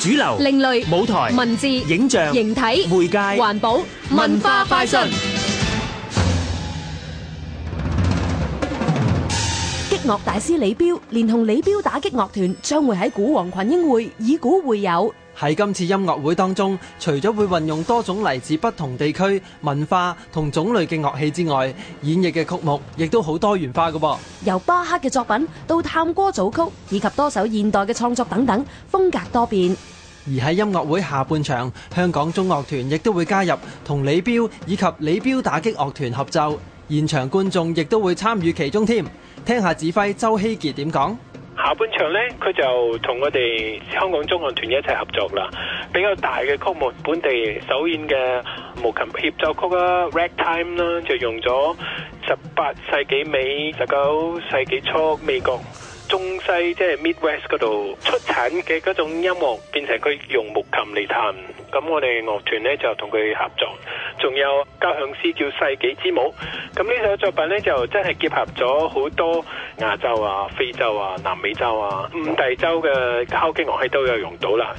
主流、另類、舞台、文字、影像、形體、媒介、環保、文化、快訊。樂大師李彪，連同李彪打擊樂團將會喺古王群英會以古會友。喺今次音樂會當中，除咗會運用多種嚟自不同地區文化同種類嘅樂器之外，演繹嘅曲目亦都好多元化噶噃。由巴赫嘅作品到探戈組曲以及多首現代嘅創作等等，風格多變。而喺音樂會下半場，香港中樂團亦都會加入同李彪以及李彪打擊樂團合奏。現場觀眾亦都會參與其中添，聽下指揮周希傑點講。下半場呢，佢就同我哋香港中樂團一齊合作啦，比較大嘅曲目，本地首演嘅無琴協奏曲啊 Ragtime 啦，就用咗十八世紀尾、十九世紀初美國，中西即係 Midwest 度出產嘅嗰種音樂，變成佢用木琴嚟彈，咁我哋樂團咧就同佢合作。仲有交響詩叫《世紀之舞》。咁呢首作品咧就真係結合咗好多亞洲啊、非洲啊、南美洲啊、五大洲嘅敲擊樂器都有用到啦。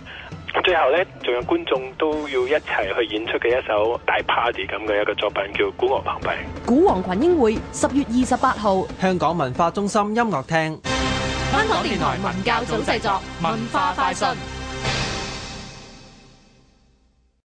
最後咧，仲有觀眾都要一齊去演出嘅一首大 Party 咁嘅一個作品，叫《古樂澎湃》。古樂群英會十月二十八號香港文化中心音樂廳。香港電台文教組製作《文化快訊》。